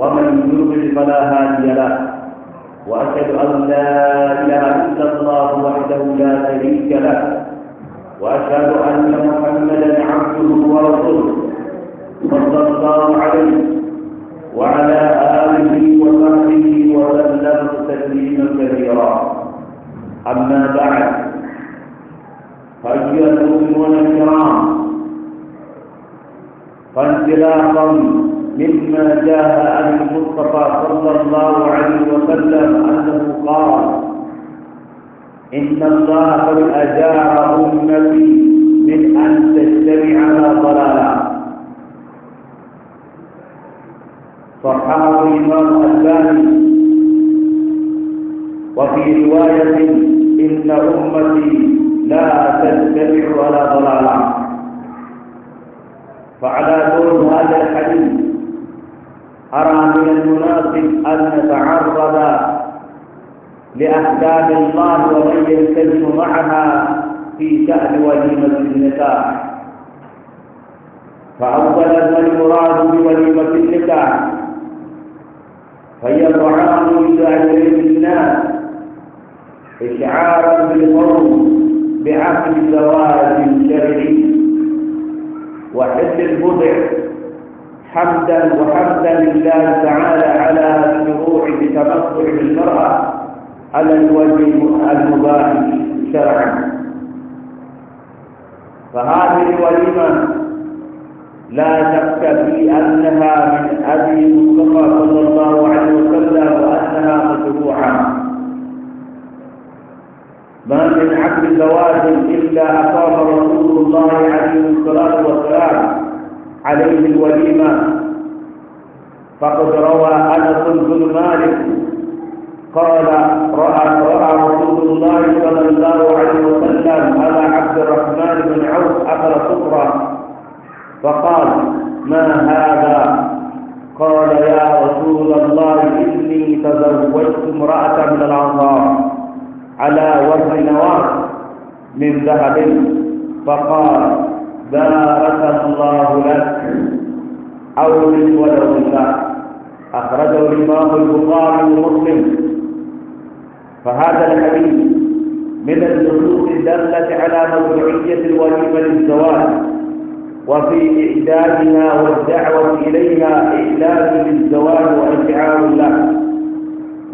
ومن يضلل فلا هادي له وأشهد أن لا إله إلا الله وحده لا شريك له وأشهد أن محمدا عبده ورسوله صلى الله عليه وعلى آله وصحبه وسلم تسليما كثيرا أما بعد فأيها المؤمنون الكرام فانطلاقا مما جاء عن المصطفى صلى الله عليه وسلم أنه قال إن الله قد أجار أمتي من أن تجتمع على ضلالا صححه الإمام الألباني وفي رواية إن أمتي لا تجتمع على ضلالا فعلى دور هذا الحديث أرى من المناسب أن نتعرض لأحكام الله ومن يلتزم معها في شأن وليمة النكاح فأولا ما المراد بوليمة النكاح فهي طعام يساعدين الناس إشعارا بالقوم بعقد زواج شرعي وحل البضع حمدا وحمدا لله تعالى على الشروع بتمتع المرأة على الوجه المباح شرعا فهذه الوليمة لا شك في أنها من أبي مصطفى صلى الله عليه وسلم وأنها مشروعة ما من عبد زواج إلا أقام رسول الله عليه الصلاة والسلام عليه الوليمة فقد روى أنس بن مالك قال رأى رأى رسول الله صلى الله عليه وسلم على عبد الرحمن بن عوف أكل صفرة فقال ما هذا قال يا رسول الله إني تزوجت امرأة من الأنصار على وزن نوار من ذهب فقال بارك الله لك أو من ولو نساء أخرجه الإمام البخاري ومسلم فهذا الحديث من النصوص الدالة على موضوعية الوليمة للزواج وفي إعدادها والدعوة إليها إعداد للزواج وإشعار له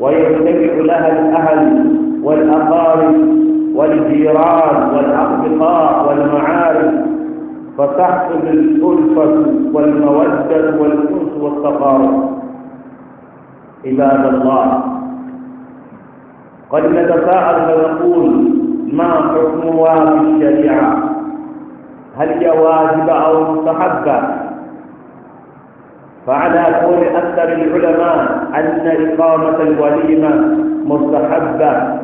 ويجتمع لها الأهل والأقارب والجيران والأصدقاء والمعارف فتحصل الألفة والمودة والأنس والتقارب عباد الله قد نتساءل ونقول ما حكمها في الشريعة هل هي واجبة أو مستحبة فعلى قول أكثر العلماء أن إقامة الوليمة مستحبة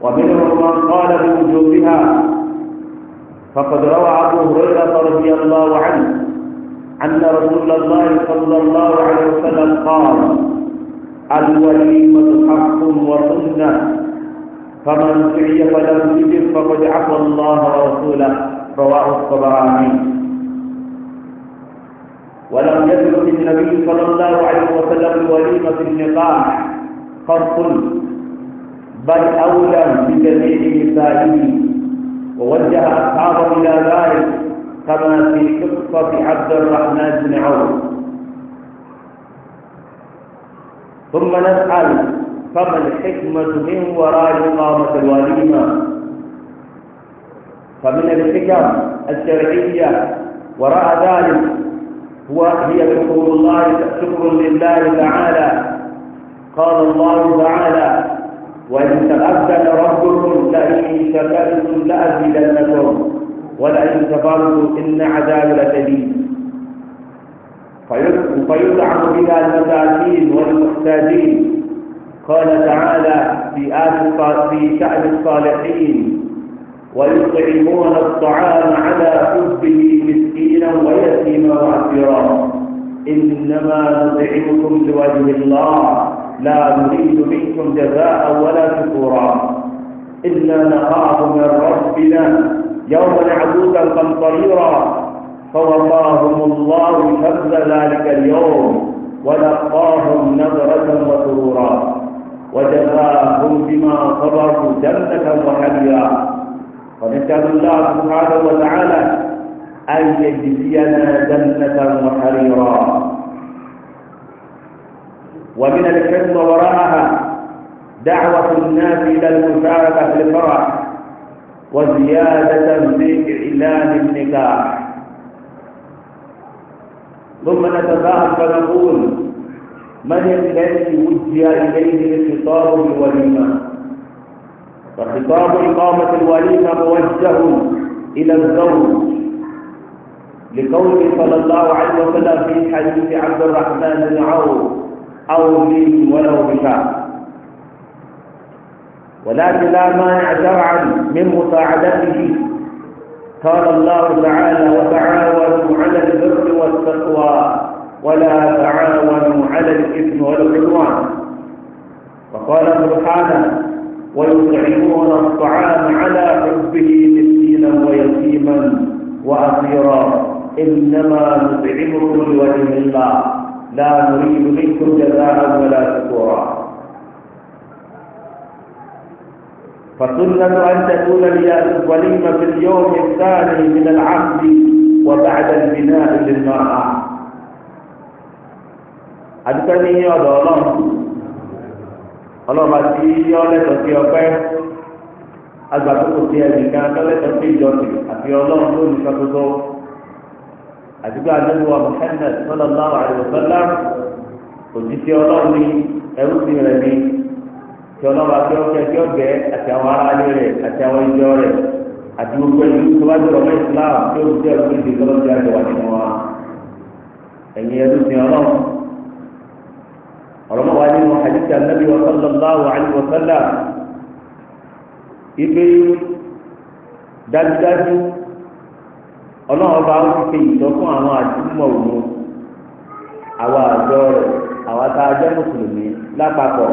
ومنهم من قال بوجوبها فقد روى أبو هريرة رضي الله عنه أن رسول الله صلى الله عليه وسلم قال الوليمة حق وسنة فمن سعي فلم يجب فقد عفى الله ورسوله رواه الطبراني ولم يثبت النبي صلى الله عليه وسلم وليمة النقاح قط بل أولى بجميع نسائه ووجه أصحابه إلى ذلك كما في قصة عبد الرحمن بن عوف ثم نسأل فما الحكمة من وراء إقامة الوليمة فمن الحكم الشرعية وراء ذلك هو هي شكر الله شكر لله تعالى قال الله تعالى وإن تأذن ربكم لئن شكرتم لأزيدنكم ولئن كفرتم إن عذابي لشديد فيطعم بها المساكين والمحتاجين قال تعالى في آل في شأن الصالحين ويطعمون الطعام على حبه مسكينا ويتيما وعسيرا إنما نطعمكم لوجه الله لا نريد منكم جزاء ولا شكورا إنا نخاف من ربنا يوما عبوسا قمطريرا فوقاهم الله شر ذلك اليوم ولقاهم نظرة وسرورا وجزاهم بما صبروا جنة وحليا ونسأل الله سبحانه وتعالى أن يجزينا جنة وحريرا ومن الحكمة وراءها دعوة الناس إلى المشاركة في الفرح وزيادة في إعلان النكاح ثم نتفاهم فنقول من الذي وجه إليه الخطاب الوليمة فخطاب إقامة الوليمة موجه إلى الزوج لقوله صلى الله عليه وسلم في حديث عبد الرحمن بن عوف أو ولو بشاء ولكن لا مانع شرعا من مساعدته قال الله تعالى وتعاونوا على البر والتقوى ولا تعاونوا على الإثم والعدوان وقال سبحانه ويطعمون الطعام على حبه مسكينا ويتيما وأسيرا إنما نطعمكم لوجه الله لا نريد منكم جزاء ولا شكورا فسنة أن تكون الوليمة في اليوم الثاني من العقد وبعد البناء للمرأة adúpẹ́ ní ọ̀dọ̀ ọlọ́run ọlọ́run àti ọlẹ́tọ̀ sí ọpẹ́ agbàdúgbò sí ẹnìkan tọ́lẹ́tọ̀ sí ìjọsìn àti ọlọ́run lónìí kan tuntun àdúgbò àdúgbò Muhammad sallallahu alaihi wasallam òtítí ọlọ́run ní ẹrú sí rẹ̀ ní tí ọlọ́run àti ọkẹ́ tí ọgbẹ́ àti àwọn aráàlú rẹ̀ àti àwọn ìjọ rẹ̀ àti gbogbo ẹni tó bá jọ ọmọ Islam tí ó jẹ́ ọdún ìdí lọ́dún tí a jọ wà nínú wa ẹ̀yin ẹrú sí ọlọ́run ọ̀rọ̀ mọ́ wa nínú hadith anabi wa sallallahu alaihi wasallam ibi dájúdájú ọlọ́run ọba ó ti ṣe ìtọ́ fún àwọn àdúgbò òun àwọn àjọ rẹ̀ àwọn tá a jẹ́ mùsùlùmí lápapọ̀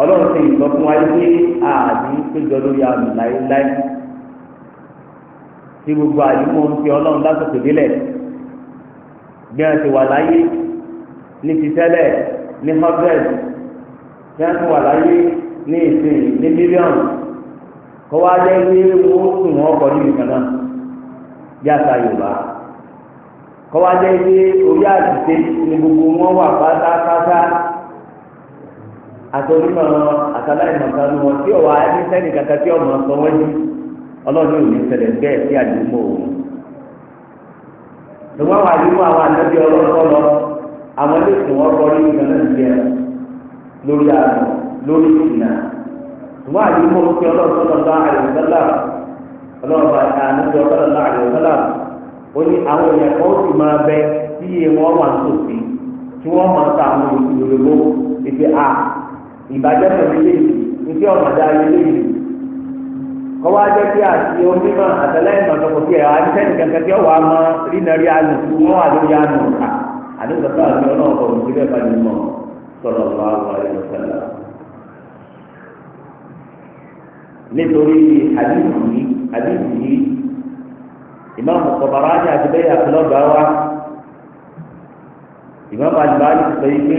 ọlọ́run ṣe ìtọ́ fún wa pé ààbí péjọ lórí àmì láéláé tí gbogbo àdúgbò ń fi ọlọ́run lásìkò délẹ̀ bí wọ́n ti wà láyé ní ti tẹ́lẹ̀ ní hundred bí wọ́n ti wà láyé ní ìsìn ní mílíọ̀nù kọ́wá jẹ́ pé wọ́n sùn wọ́n kọ́ ní ìkànnà yàtà yorùbá kọ́wájẹ́ ilé orí àdìsẹ́ ní gbogbo wọn wà pátápátá àtọ́nímọ̀ àtàláìmọ̀ká ni wọn tí ọ̀wá ẹni sẹ́ni kankan tí ọmọ sọ wọ́n yí ọlọ́run yóò ní ṣẹlẹ̀ bẹ́ẹ̀ sí àdúgbò òun. ṣùgbọ́n àwọn àdúgbò àwọn àtẹ́bí ọlọ́kọ́ lọ àwọn ilé ìsìn wọn kọ́ nínú ìgbà náà jẹ lórí àrùn lórí ìsìnà ṣùgbọ́n àdúgbò òun fi ọlọ́kọ́ bá àyè ó ní àwọn èèyàn kan ó sì máa bẹ tí iye wọn wà nítòsí tí wọ́n máa ta àwọn ìdòdòdò ìpè à ìbàjẹ́ pẹ̀lú eléyìí ìpè ọ̀mọ̀dá eléyìí kọ́wá jẹ́ kí àti onímọ̀ àtẹlẹ́yìn náà tọkọ sí ẹ̀ wá níṣẹ́ni kankan tí ọ̀wá mọ rínàrí àánú tí wọ́n wà lórí àánú ká àdéhùn àti ọlọ́run kọ̀ ní bẹ́ẹ̀ bá ní mọ̀ sọ̀rọ̀ bá wà lẹ́yìn ìmáàmù Tabarani àti bẹ́ẹ̀ àtúlọ́gbà wa ìmáàmù Albani sọ yìí pé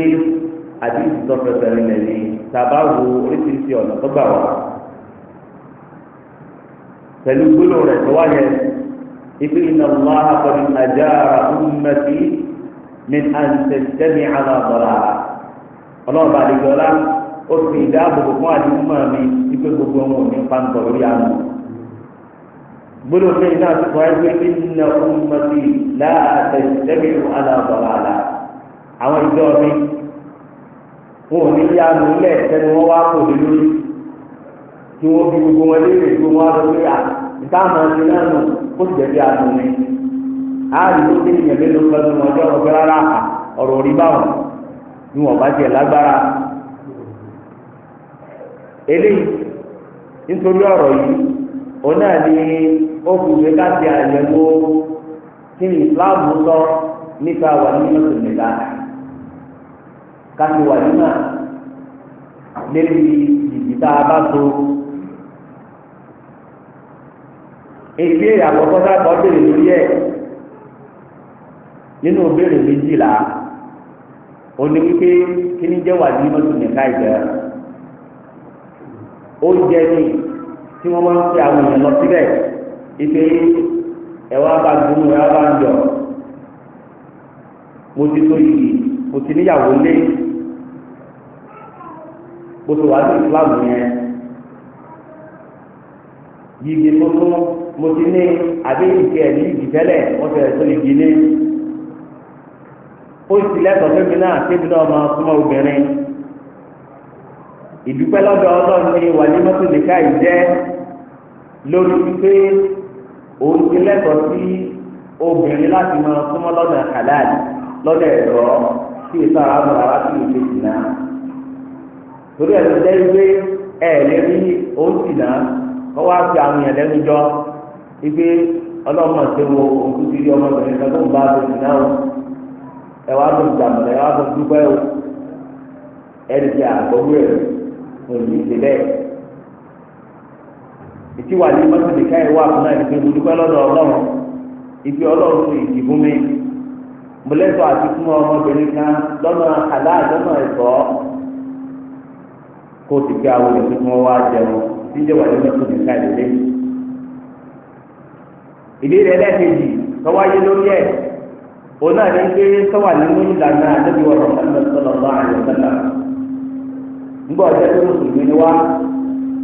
àdìsí tọ́pẹ̀tẹ̀ rẹ̀ ní tàbá wo oríṣiríṣi ọ̀nà tó gbà wá pẹ̀lú gbólóhùn rẹ̀ tó wá yẹn ibi iná ńlá àkọ́ni àjára ummati min àǹtẹ̀tẹ̀mí alábọ̀lá ọlọ́ọ̀bà àdìgbọ́lá ó fi ìdáàbòbò fún àdìmọ́ mi ipe gbogbo wọn ò ní pàǹtọ̀ lórí àná. gbọ́dọ̀ bẹ́ẹ̀ náà ti wáyé pé nínú ọmọdé láàtẹ̀sẹ̀mìlú alábọ̀lá àwọn ìjọ mi wọn ò ní yá mi lẹ̀ sẹ́ni wọ́n wá kò lé lórí tí wọ́n fi gbogbo wọn léèrè tó wọ́n lọ pé à ìtààmú àti náà nù kó sì jẹ̀bi àánú mi á rí ló rí báwọn ni oh, bá òun náà ni ó fi ìwé káàdì àyẹ̀wò kí ni Islam sọ nípa wà nínú ìlera káàdì wà nínú lórí ìdìbò abáso. èké àkọ́kọ́ dábọ̀ béèrè lórí ẹ̀ nínú béèrè méjìlá òní wípé kíní jẹ́ wà nínú ìlera ìgbẹ́ ó jẹ́ ní tí wọ́n wọ́n ń fi àwọn èèyàn lọ síbẹ̀ ife ẹ̀wọ́ bá gbóná ẹ̀wọ́ bá ń jọ mo ti tó yìí mo ti níyàwó lé mo ti wà ní ìsìláàmù yẹn yìí tó tó mo ti ní àbí ìdí ẹ̀ ní ìdí tẹ́lẹ̀ wọ́n ti rẹ̀ tó lè di ó sì lẹ́tọ̀ọ́ fẹ́mi náà tẹ́mi náà máa súnmọ́ obìnrin ìdúpẹ́ lọ́dọ̀ ọlọ́run ní wàlímọ́tò nìka ìjẹ́. lórí wípé òun ti lẹ́tọ̀ọ́ sí obìnrin láti máa súnmọ́ lọ́nà halal lọ́nà ẹ̀rọ tí ara mọ̀ ara sí ìlú ìsìnà torí ẹ̀sìn jẹ́ wípé ẹ̀ lérí òun náà kọ́ wá sí àwọn èèyàn lẹ́nu jọ wípé ọlọ́mọ ṣe wo ti rí ọmọbìnrin kan tó ń bá a o ẹ wá tó wá tó dúpẹ́ ètí wà ní mọ́tò nìkan ẹ̀ wà fún ẹ̀dùn ìlú dúpẹ́ lọ́dọ̀ ọlọ́run ibi ọlọ́run ní ìdí mi mọ̀lẹ́tọ̀ àti fún ọmọbìnrin kan lọ́nà aláàdọ́nà ẹ̀kọ́ kó ti gbé àwọn tí wọ́n wá jẹun tí ń jẹ́ wà ní tọ́wáyé lórí ẹ̀ òun náà ní pé sọ́wà ìlànà àdébíwọ̀n ọ̀sán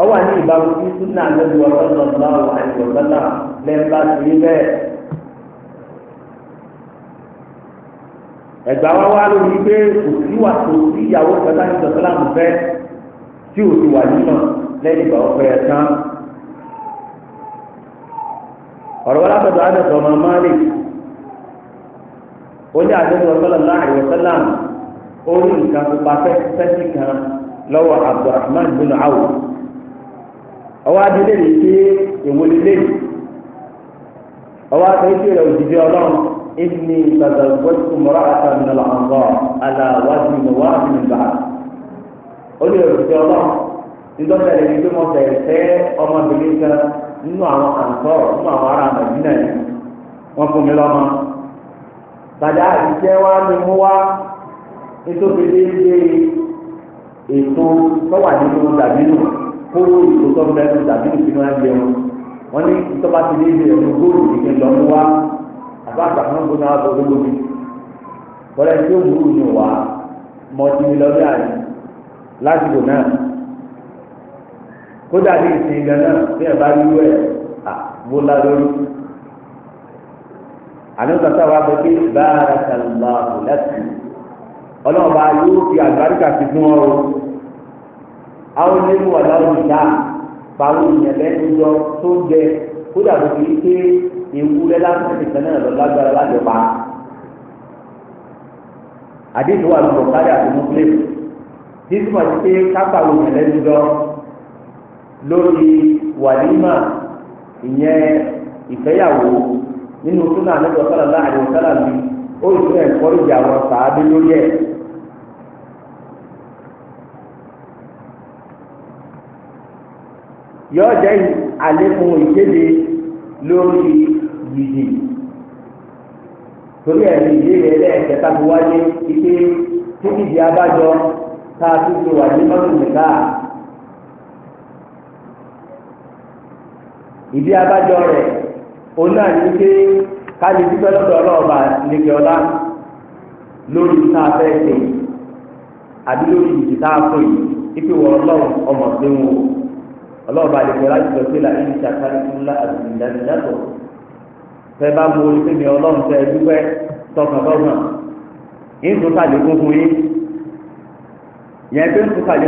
ọwọ́ àti ìbámu tí súnà lórí ọlọ́dọ̀ náà wà ní ọ̀dọ́dà lẹ́ńbà sí bẹ́ẹ̀. ẹ̀gbà wa wá lórí pé kò sí wà tó sí ìyàwó kẹta ní sọ̀tọ́làmù fẹ́ tí ò ti wà nínà lẹ́yìn ìgbà ọ̀fẹ́ ẹ̀ tán. ọ̀rọ̀ wọn látọ̀dọ̀ àdẹ̀tọ̀ ọmọ malik ó àdéhùn ọ̀sọ́lọ́lá àìwọ̀sọ́làmù ó ní nǹkan pupa fẹ́ẹ́ fẹ́ẹ́ sí kan lọ́wọ́ abdulrahman bin awf ọwọ́ adúlé lè ṣe ìwọlé lẹ́yìn ọwọ́ akẹ́kẹ́ ìrẹ̀ òjijì ọlọ́run ìní ìtàgàgbọ́sùn mọ́ra àtàmìnàlà ọ̀gọ́ aláwájú ìmọ̀wá àbìnìbà ó lè òjijì ọlọ́run nítorí ẹni tó mọ fẹ́ fẹ́ ọmọbìnrin kan nínú àwọn nínú àwọn ará nàìjíríà yìí fún mi àtijọ́ wa ni mo wá nítorí ètò tó wà nínú kóró ìtòtọ́ bẹ́ẹ̀ tàbí ìpinnu ẹgbẹ́ wọn wọ́n ní ìtọ́ba ti léde góòlù lọ mú gbóná mi bọ́lá ẹni ní mi lọ́dẹ àyè náà kódà ní ìsìn náà bí bá rí wẹ̀ lẹ́sìn ọlọ́ọ̀bá yóò fi àgbáríkà fún àwọn onímù wà láwọn ìdá pàwọn èèyàn lẹ́nu yọ tó jẹ kódà tó fi ké ewúrẹ́ lásán nìkan náà lọ lágbára láti pa àdéhùn wà lọ káyà tó mú plé títí wọn ti ké kápáwọn èèyàn lẹ́nu yọ lórí wàlímà ìyẹn ìfẹ́yàwó nínú súnà àlejò sálàlá àdéhùn sálàlá ó ìfẹ́ ẹ̀kọ́ ìjà wọn sàádé lórí ẹ̀. yóò jẹ́ àlékún ìkéde lórí gidi torí ẹ̀rí ìbéèrè ẹlẹ́ẹ̀kẹta tó wáyé ike tí gidi abájọ tá a tún ti wà ní ìdí abájọ rẹ̀ òun náà ní ike káàdì dúpẹ́ lọ́dọ̀ ọlọ́ọ̀bà nìkẹ́ ọlá lórí tá a fẹ́ ṣe àbí lórí ìdí tá ike wọ̀ ọlọ́run ọmọ ọlọ́ọ̀bà àdìgbò láti sọ la là ń ṣàkárí fún lá àdìgbò fẹ́ bá mú orí pé mi ọlọ́run fẹ́ dúpẹ́ tọkàntọkàn ìtúntàlẹ́ fún fún yín yẹn fún orí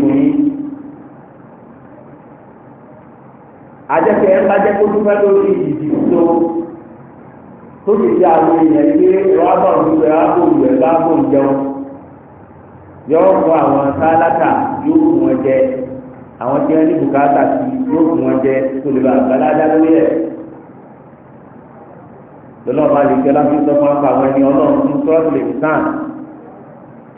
fún yín. ẹ̀ bá jẹ́ kó dúpẹ́ lórí tó tó ti di àwọn èèyàn rọ́bà òdúgbò ìwẹ̀ yọ àwọn yóò àwọn jẹ́ ní bùkátà tí yóò fún wọn jẹ kó lè ba àgbàlájá lórí ẹ̀. lọ́lọ́ọ̀bá lè jẹ́ láti sọ fún apá àwọn ẹni ọlọ́run ní sọ́ọ̀tù lè sàn.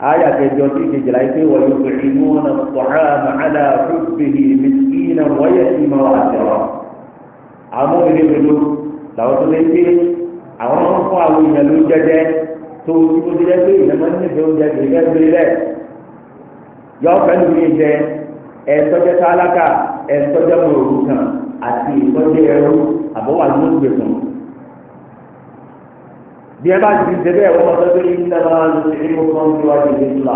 àyà kẹjọ tí ìjẹjẹrà yìí pé wọ́n yóò fẹ́ inú ọ̀nà sọ̀rọ̀ màálà fúnbìhì mìsíkìnà wọ́yẹ̀ sí ma wà jọ̀rọ̀. àwọn ìlú ìlú làwọn tó lè gbé àwọn ọmọ fún àwọn ìyẹn ló jẹjẹ tó ojú kó jẹjẹ pé ìyẹn nífẹ̀ẹ́ oúnjẹ ẹ̀ńtọ́jẹ́ tálákà ẹ̀ńtọ́jẹ́ mọ̀ọ́rù kan àti ìtọ́jẹ́ ẹrú àbọ̀wà ló ń gbè fún. bí ẹ bá ti ṣe bẹ́ẹ̀ wọ́n sọ pé yín náà máa ń lo ṣe mú fún mi wájú ní ìlà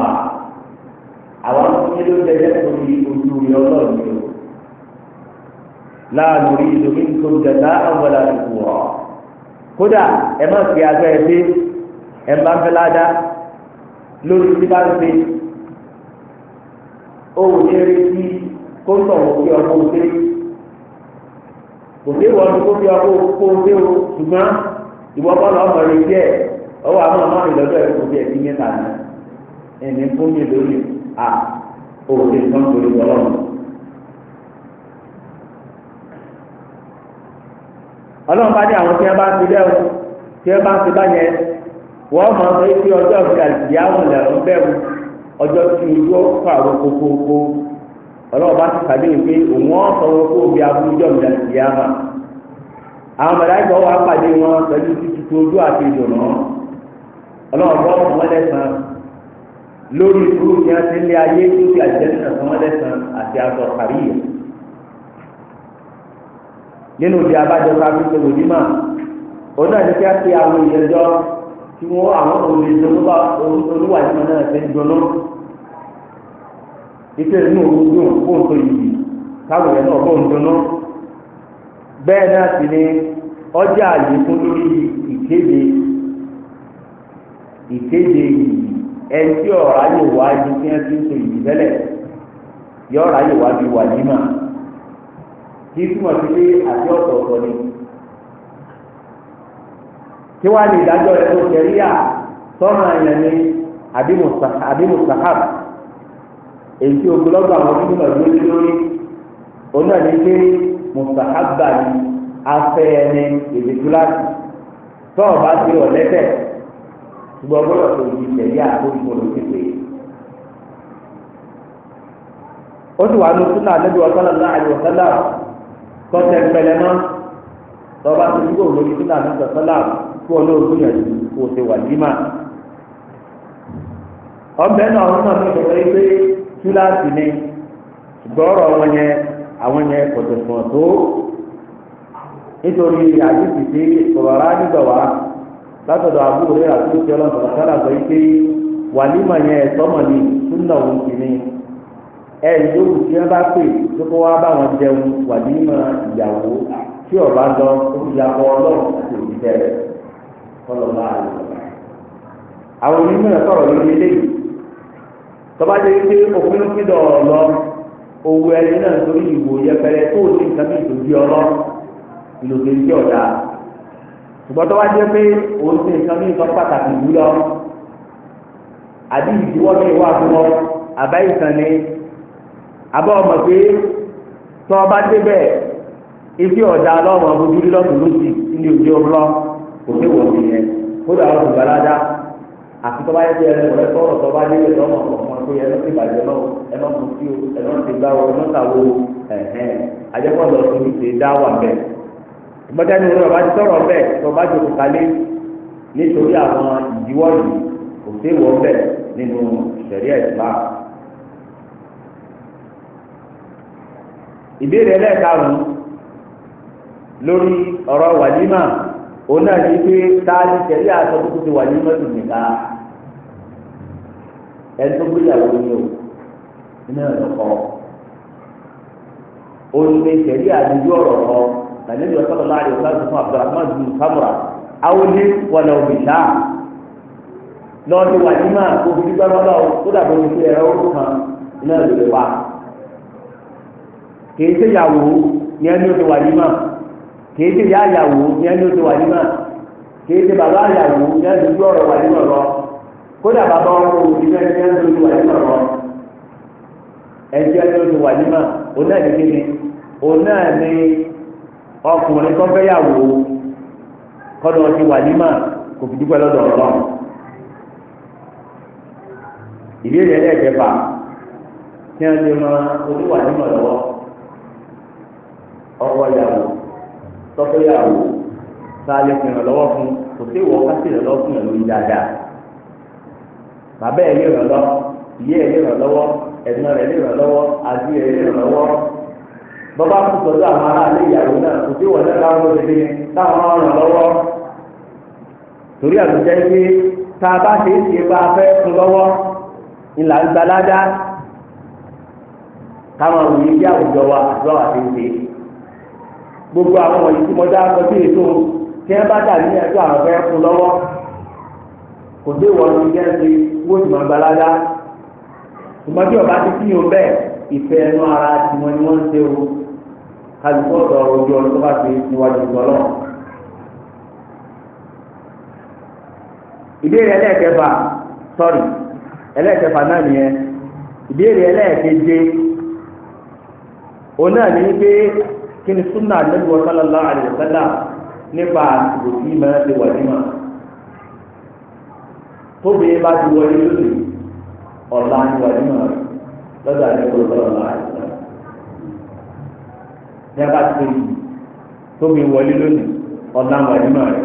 àwọn akúnyẹ́ ló jẹ́ lẹ́kọ̀ọ́ ojú rẹ̀ ọlọ́run yìí o láàánú rí ìlú ní nǹkan jẹ̀dá àwọn àdìgbò ọ̀ kódà ẹ má fi àgbẹ̀ ẹ dé ẹ má fẹ́ ládàá lórí tí bá ń ṣe o ò ní retí kó sọ̀rọ̀ kí ọkọ̀ òde kò kó ọkọ̀ o ṣùgbọ́n ìwọ kọ́ mọ̀ ní ọwọ́ àwọn ọmọ mi ẹ̀mí fún mi bá ní àwọn tí wọ́n bá ti tí wọ́n bá ti ọjọ́ tí ojú ọkọ̀ àrùn kókókó ọlọ́wọ́ bá ti pàdé pé òun ọ̀sán wọn kó bí abúlójọ́ ìjà sí àmà àwọn mọ̀láìkọ̀ wà pàdé wọn pẹ̀lú títí ojú àti ìdùnnà ọlọ́wọ́ bọ́ wọn lẹ́sàn lórí ìdúró ní asẹ́lẹ̀ ayé tó ti àjẹsẹ̀ wọn lẹ́sàn àti aṣọ kárí yẹn nínú ìdí abájọ ká fi ṣe wòlímà òun náà ní kí á ti àwọn ìyẹn jọ tí wọ́n àwọn òwe ìjọba olúwa ìfún náà ṣe ike inú òun dùn kó n tó yìí káwọn èèyàn náà kó bẹ́ẹ̀ náà sì ni ọjà lórí ìkéde ìkéde yìí ọ̀rá kí wàá lè dájọ́ rẹ̀ tó ṣẹ̀ríyà sọ́nà yẹn ni àbí mustahab èyí tí ogunlọ́gbà àwọn onímọ̀ lórí lórí òun náà ní pé mustahab bá ní afẹ́ ẹni èdè tọ́ọ̀ bá ti ọ̀lẹ́tẹ̀ ṣùgbọ́n gbọ́dọ̀ tó di ṣẹ̀ríyà tó ń bọ̀ pé. ó sì wà ní súnà àdébí ọ̀sán náà àyè náà tọ́tẹ̀ pẹlẹmọ́ tọ́ba tó dúró lórí súnà àdébí ọ̀sán náà. kí wọn náà gbìyànjú kó o ṣe wà jímà ọbẹ̀ náà wọn náà fi sọ pé túláàsì ni gbọ́rọ̀ wọn yẹn àwọn yẹn kò tó nítorí àdìsí tí sọ̀rọ̀ nígbà wá látọ̀dọ̀ àbúrò rẹ̀ àti sára sọ pé yẹn ni òun ni tí bá pè tó wá jẹun ọlọ́lá àlọ́ àwọn onímọ̀ sọ̀rọ̀ lórí eléyìí tọ́ba jẹ́ pé òfin fídọ̀ ọ̀lọ́ owó ẹni náà torí ìwò yẹpẹrẹ tó o ní nǹkan bí ìdòdì ọlọ́ ìlòdì ìdí ọ̀dà ṣùgbọ́n tọ́ba jẹ́ pé òun ti nǹkan bí nǹkan pàtàkì ìlú àbí ìdíwọ́ ní ìwà àbá ìtàn ni àbá ọmọ pé débẹ̀ ọ̀dà kò ní wọ̀ sí yẹn kódà wọn kò gbàládá àti tọ́ba yẹn ti ẹrẹ ọ̀rẹ́ tọ́rọ̀ tọ́ba yẹn lè tọ́ ọmọ ọmọ pé ẹ lọ sí ìbàjẹ́ náà ẹ lọ kù sí o ẹ lọ sí gbá o ẹ lọ sàwo ẹ̀hẹ́n ajẹ́kọ̀ọ́ lọ sí ìṣe dá wà bẹ́ẹ̀ ìgbọ́dá ni ọba ti tọrọ bẹ́ẹ̀ tọba ti kùkálé nítorí àwọn ìdíwọ́ yìí kò sí ìwọ́ bẹ́ẹ̀ nínú ìṣẹ̀ríà Islam. ìbéèrè ẹlẹ́ẹ̀karùn-ún lórí ọ̀rọ̀ wàlímà ona náà ní pé táàdì tẹ̀lé àṣọ tó ti wà ní mẹ́tò nìkan ẹni gbéyàwó ni o iná ẹ̀rọ kọ́ òun ní tẹ̀lé àdìjú ọ̀rọ̀ kọ́ tàbí ìjọba sọ́dọ̀ láàrin ọ̀sán tó fún abdulrahman bin omi wà ní kó fi ẹ̀rọ ọdún kan iná ẹ̀rọ lè kì í ẹni ti wà ní kìí ya ahịa wuo ní ẹni tó wà nímọ̀ kìí ṣe bàbá àyàwó ní ẹni tó ọrọ wà nímọ̀ lọ kódà bàbá ọkọ òbí ní ẹni tó wà nímọ̀ lọ ẹni tí ẹni tó wà nímọ̀ òun náà ọkùnrin fẹ́ yàwó kọ́dọ̀ ti wà kò fi dúpẹ́ lọ́dọ̀ ìbéèrè tọ́kọ́yàwó tá lè fi ìrànlọ́wọ́ fún kò sí ìwọ ká sí ìrànlọ́wọ́ fún ìrànlọ́wọ́ yìí dáadáa bàbá ẹ̀ lè ràn lọ́wọ́ ìyá ẹ̀ lè ràn lọ́wọ́ ẹ̀gbọ́n rẹ̀ lè ràn lọ́wọ́ àti ẹ̀ lè ràn lọ́wọ́ bàbá kò sọ́dọ̀ àwọn aráàlú ìyàwó náà kò sí ìwọ náà láwọn òṣèlú táwọn ràn lọ́wọ́ torí àtúnjẹ́ pé tá a bá ṣe é ṣe bá a fẹ́ fún lọ́wọ́ ńlá ń gbaládá káwọn òye bí àwùjọ wa àti gbogbo àwọn wọ̀nyí tí mo dáa sọ sí ètò tí wọ́n bá dà ní ẹjọ́ àwọn fẹ́ fún lọ́wọ́ kò sí ìwọ ní jẹ́ ṣe wó ìmọ̀ àgbàlagbà ìmọ̀ tí ọba ti kí yóò bẹ́ẹ̀ ìfẹ́ ẹnu ara tí wọ́n ni wọ́n ń ṣe o kálukọ́ sọ̀rọ̀ ojú ọdún tó bá ti níwájú ìgbọ́lọ́. ìbéèrè ẹlẹ́ẹ̀kẹfà sọ́rí ẹlẹ́ẹ̀kẹfà náà nìyẹn ìbéèrè ẹlẹ́ẹ̀keje òun náà ní pé kí ni súnà ànábì sallallahu alaihi wasallam nípa àsìkò tí máa ti wà nímọ̀ tóbi bá ti wọlé lónìí ọ̀la ni wà nímọ̀ lọ́dọ̀ ànábì sallallahu alaihi wasallam ní a bá ti tóbi wọlé lónìí ọ̀la wà nímọ̀ rẹ̀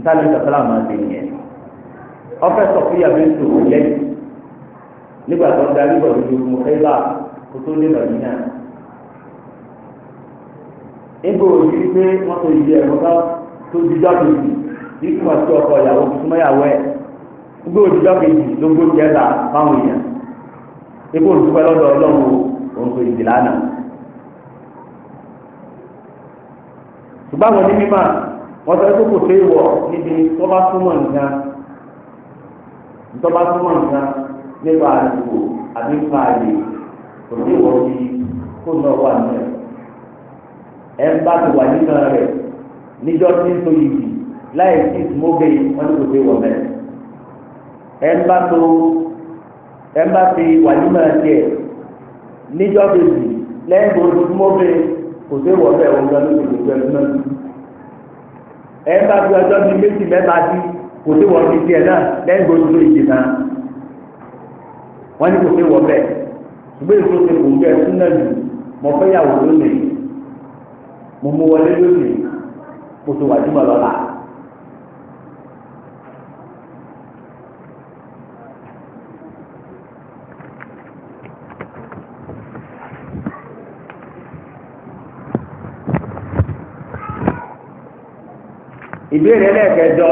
ntàlẹ́ sọ̀tàlá máa ti yẹn ọfẹ sọfíà bí n tòun lẹ́yìn nígbà tó ń darí bọ̀ lójú mu ẹ̀yà kótó lé bàbí náà. nígbà òsì pé wọ́n tó ìdí ẹ̀rọ ká tó dídá kejì nígbà tí ọkọ ìyàwó súnmọ́ ìyàwó ẹ̀ nígbà òdídá kejì ló gbó jẹ́ ta fáwọn èèyàn nígbà òsì pẹ́ lọ́dọ̀ ọlọ́run òun tó ìdí lánàá. ṣùgbọ́n àwọn onímọ̀ wọ́n sọ pé kò tó ìwọ̀ níbi tó bá súnmọ́ nǹkan tó nǹkan ẹ ń bá ti wà nínú rẹ̀ níjọ́ tí ń so yìí láì sí ìsúmọ́gbé wọn ní kò fi wọ̀ mẹ́ ẹ ń bá tó ẹ ń bá fi wà nínú tiẹ̀ níjọ́ bèbí lẹ́yìn tó ìsúmọ́gbé kò fi wọ̀ mẹ́ òun lọ́dún tó gbogbo ẹ̀dún náà ẹ ń bá fi méjì mẹ́ta sí kò sí wọ́n fi tiẹ̀ náà lẹ́yìn tó ìsúmọ́ ìjì náà wọ́n ní kò fi wọ̀ mẹ́ ṣùgbọ́n èso ti kò ń bẹ́ẹ̀ sún náà jù mọ̀ fẹ́ yàwó lónìí mo mú wọlé lónìí mo ti wà jùmọ̀ lọ́la. ìbéèrè lẹ́ẹ̀kẹjọ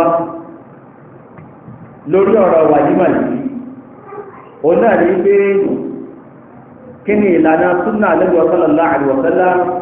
lórí ọ̀rọ̀ wàjímà yìí òun náà ní pé kí ni ìlànà súnà lẹ́gbẹ̀ẹ́ sallallahu alaihi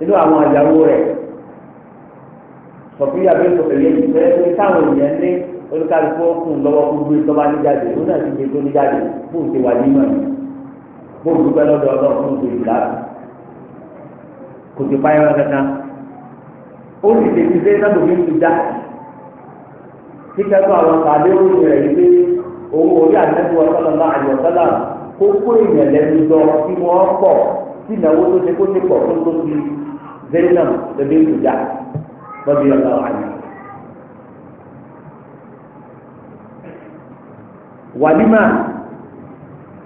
nínú àwọn àyàwó rẹ̀ sọ̀kú yàgbé sọ̀kú yẹn ìfẹ́ pé táwọn èèyàn ní olùkàlùkù ọkùn lọ́wọ́ kó gbé tọ́ba níjáde òun náà ti gbé tó níjáde fún òun ti wà nínú ẹ̀ fún òun dúpẹ́ lọ́dọ̀ ọlọ́run fún òun ìlà kò ti pa ẹran kankan ó sì lè fi dé sábò mi ti dá kíkẹ́kọ̀ọ́ àwọn pàdé òun rẹ̀ yìí pé òun orí àtẹ́kù ọ̀sọ́lọ́lá àyọ̀sọ́lá kókó èèyàn lẹ́nu jọ kí wọ́n pọ̀ kí ìnáwó tó ṣe kó ṣe pọ̀ tó tó ti zainab da bintu ja الله allah anha wàlímà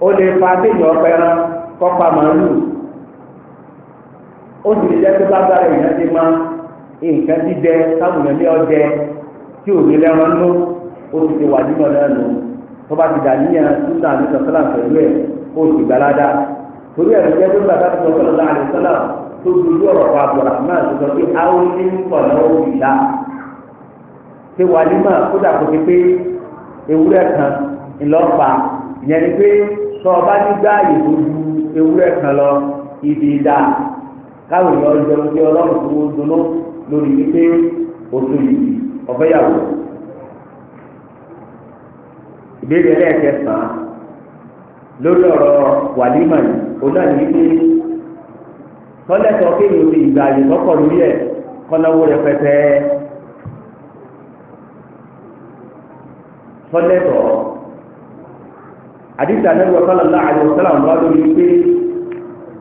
ó lè fa téèyàn ọpẹran kọpa màálù ó sì lè jẹ pé lágbára èèyàn ti máa nǹkan dídẹ táwọn èèyàn lé ọdẹ tí ò ní lẹ́ran ló ó ti ti wàlímà náà nù tó bá ti dà níyàn súnà àti sọ̀tọ́là pẹ̀lú ẹ̀ ó ti gbàládà torí ẹ̀ ló jẹ́ pé bàbá tó sọ̀tọ́là àti sọ̀tọ́là tó dojú ọ̀rọ̀ pa abdulrahman tó sọ pé àwọn ilé ń pọ̀ náà ó bìlá ṣé wà ní mọ̀ kódà kò ti pé ewúrẹ́ kan ńlọ́pa ìyẹn ni pé tọ́ ọ bá ní gbáàyè tó ju ewúrẹ́ kan lọ ibi dá káwọn èèyàn ọjọ́ ló dé ọlọ́run tó ń dunnú lórí wípé oṣù yìí ọ̀fẹ́ yàwó. ìbéèrè ẹlẹ́ẹ̀kẹsàn-án lórí ọ̀rọ̀ wàlímà yìí ó náà ní pé tọ́lẹ̀tọ̀ kí ni orí ìgbà yìí lọ́kọ̀ lórí ẹ̀ kọ́náwó rẹpẹtẹ tọ́lẹ̀tọ̀ àdìsí àdéhùn ọ̀sán lọ́la àdéhùn ọ̀sán làwọn bá lórí pé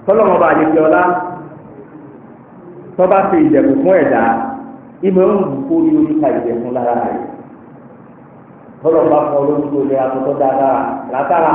tọ́lọ́mọ bá àdìsí ọlá tọ́ba fi ìjẹ̀kù fún ẹ̀dá ìmọ̀ ń bù kó ní orí ka ìjẹ̀kù lára rẹ̀ tọ́lọ́mọ bá fọ olóńgbò lẹ́yà tó dáadáa látara.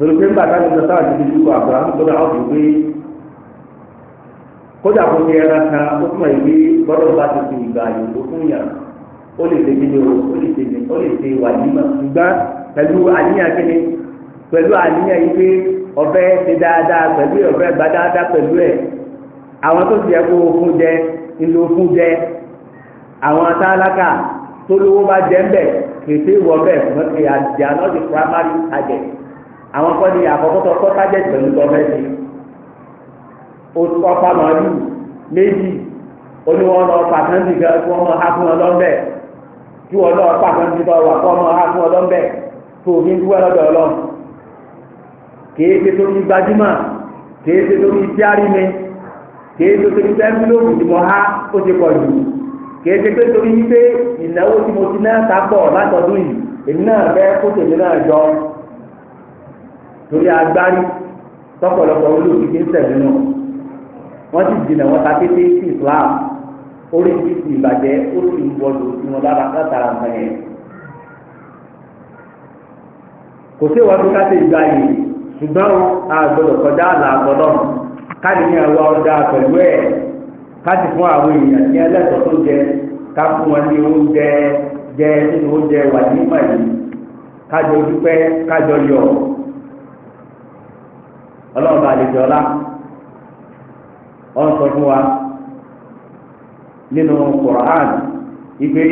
torí pé nígbà táwọn ọmọ sáà ti dúró àbúrò tó dáa ọ̀dùn pé kódà kó ní ẹran kan ó túmọ̀ ìwé bọ́dọ̀ bá ti fi ìgbà yòókù fún yàn ó lè ṣe kíni o ó lè ṣe ní ó lè ṣe wà nímọ̀ ṣùgbọ́n pẹ̀lú àníyàn kíni pẹ̀lú àníyàn yìí pé ọbẹ̀ ṣe dáadáa pẹ̀lú ọbẹ̀ gba dáadáa pẹ̀lú ẹ̀ àwọn tó ti yẹ kó fún jẹ ńlò fún jẹ àwọn tálákà tó lówó bá jẹ ńbẹ kètè wọ bẹ́ẹ̀ fún ẹ àjẹ àná primary target àwọn kọ́ ni àkọ́kọ́ tó kọ́ tájẹ́ pẹ̀lú gọ́ọ̀mẹ́ntì oṣù ọ̀pá màálù méjì oníwọ̀n lọ pa àkáǹtì kan kí wọ́n mọ ha fún ọ lọ́nbẹ̀ kí wọ́n lọ pa àkáǹtì kan wà kọ́ mọ ha fún ọ lọ́nbẹ̀ tó fi ń dúwẹ́ lọ́dọ̀ ọlọ́run kèé ṣe tó fi gbajúmọ̀ kèé ṣe tó fi tíárì mi kèé ṣe tó fi fẹ́ẹ́ lóògùn tí mo há ó ti pọ̀ jù kèé ṣe pé torí wípé ìnáwó tí mo ti náà ta pọ̀ látọdún yìí èmi náà fẹ́ kó tèmi náà jọ torí agbárí tọ̀pọ̀lọpọ̀ olóògbé ń tẹ̀lé nù wọ́n wọn ta kété sí Islam orí ti ti ìbàjẹ́ ó sì ń wọlé wọn lára látara nǹkan yẹn kò sí ìwà tó ìgbà yìí ṣùgbọ́n a gbọ́dọ̀ kọjá àlà àtọ́lọ́ káàdì ní àwa ọjà pẹ̀lú ẹ̀ káàdì fún àwọn èèyàn ní ẹlẹ́tọ̀ọ́ tó fún wọn ní oúnjẹ jẹ nínú oúnjẹ wà yìí kájọ ọlọ́run bá lè jọ ọlá ọ̀n sọ fún wa nínú Qur'an ìgbé